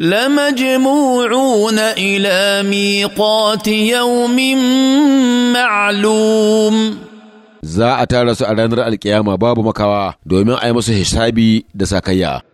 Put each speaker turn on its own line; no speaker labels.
لمجموعون إلى ميقات يوم معلوم
za a tara su a ranar alkiyama babu makawa domin a yi musu hisabi da sakayya